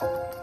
Thank you.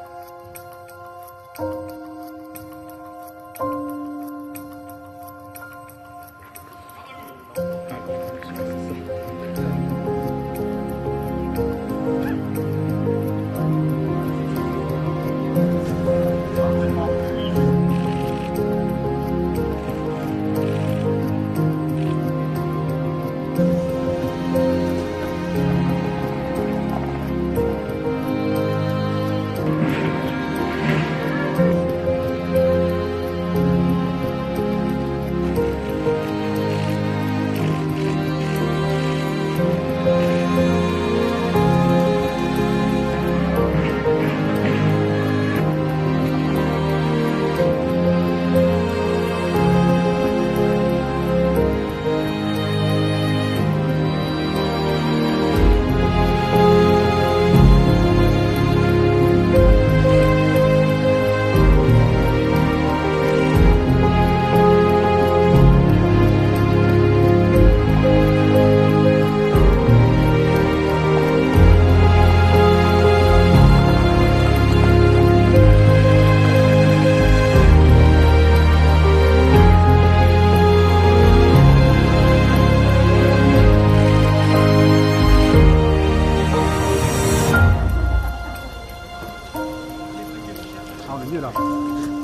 好，大得。